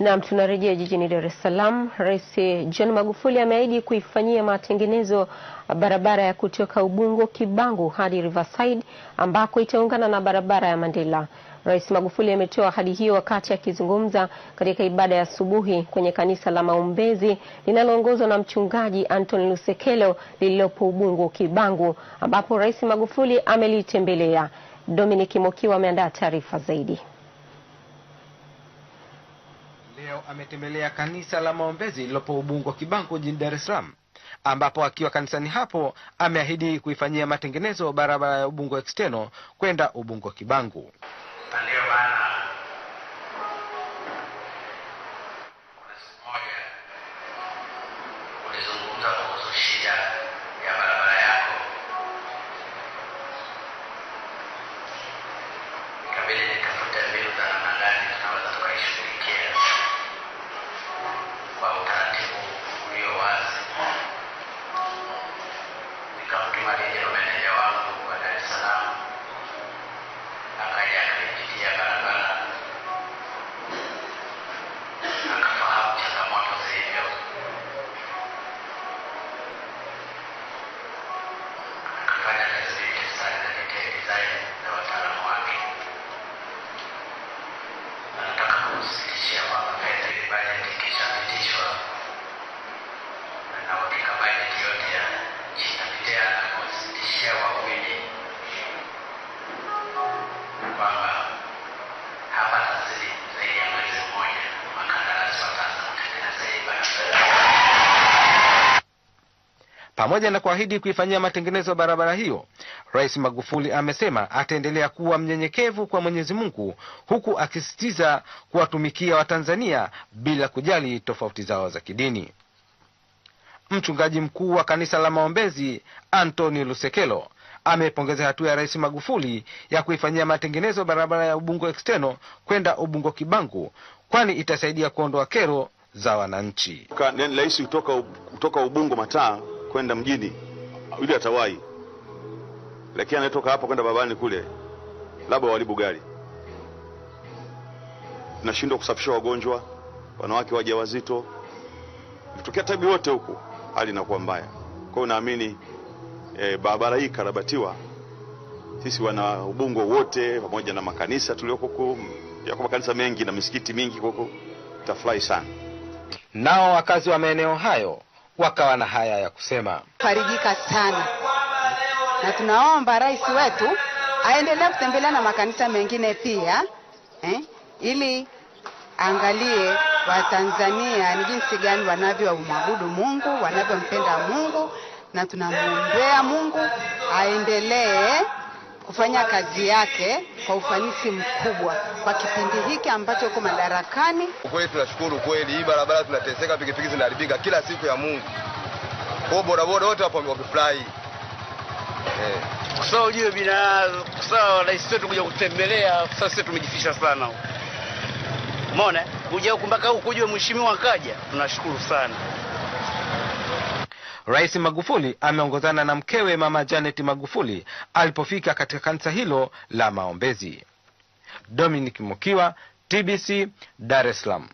Naam, tunarejea jijini Dar es Salaam. Rais John Magufuli ameahidi kuifanyia matengenezo barabara ya kutoka Ubungo Kibangu hadi Riverside ambako itaungana na barabara ya Mandela. Rais Magufuli ametoa ahadi hiyo wakati akizungumza katika ibada ya asubuhi kwenye kanisa la Maombezi linaloongozwa na mchungaji Anton Lusekelo lililopo Ubungo Kibangu, ambapo Rais Magufuli amelitembelea. Dominic Mokiwa ameandaa taarifa zaidi. Leo ametembelea kanisa la maombezi lilopo Ubungo Kibangu jijini Dar es Salaam, ambapo akiwa kanisani hapo ameahidi kuifanyia matengenezo barabara ya Ubungo Eksteno kwenda Ubungo Kibangu. Shida ya barabara Pamoja na kuahidi kuifanyia matengenezo barabara hiyo, Rais Magufuli amesema ataendelea kuwa mnyenyekevu kwa Mwenyezi Mungu, huku akisisitiza kuwatumikia Watanzania bila kujali tofauti zao za kidini. Mchungaji mkuu wa kanisa la maombezi Antoni Lusekelo amepongeza hatua ya Rais Magufuli ya kuifanyia matengenezo barabara ya Ubungo Eksteno kwenda Ubungo Kibangu, kwani itasaidia kuondoa kero za wananchi. Rahisi kutoka Ubungo Mataa kwenda mjini yule atawahi, lakini anayetoka hapa kwenda babani kule labda walibu gari. Tunashindwa kusafisha wagonjwa, wanawake wajawazito, vitokea tabu wote huku, hali inakuwa mbaya. Kwa hiyo naamini e, barabara hii karabatiwa, sisi wana Ubungo wote pamoja na makanisa tulioko huku, yako makanisa mengi na misikiti mingi huku, tutafurahi sana. Nao wakazi wa maeneo hayo wakawa na haya ya kusema. Farijika sana na tunaomba rais wetu aendelee kutembelea na makanisa mengine pia eh, ili angalie Watanzania ni jinsi gani wanavyomwabudu Mungu, wanavyompenda Mungu, na tunamwombea Mungu aendelee kufanya kazi yake kwa ufanisi mkubwa kwa kipindi hiki ambacho uko madarakani. Kweli tunashukuru kweli, hii barabara tunateseka, pikipiki zinaharibika kila siku ya Mungu, kwa bodaboda wote hapo wamefurahi eh. Kwa sababu jiwe bina, kwa sababu rais wetu kuja kutembelea, sasa tumejificha sana Umeona kuja huku mpaka huku ujue mheshimiwa akaja, tunashukuru sana. Rais Magufuli ameongozana na mkewe Mama Janet Magufuli alipofika katika kanisa hilo la maombezi. Dominic Mukiwa, TBC, Dar es Salaam.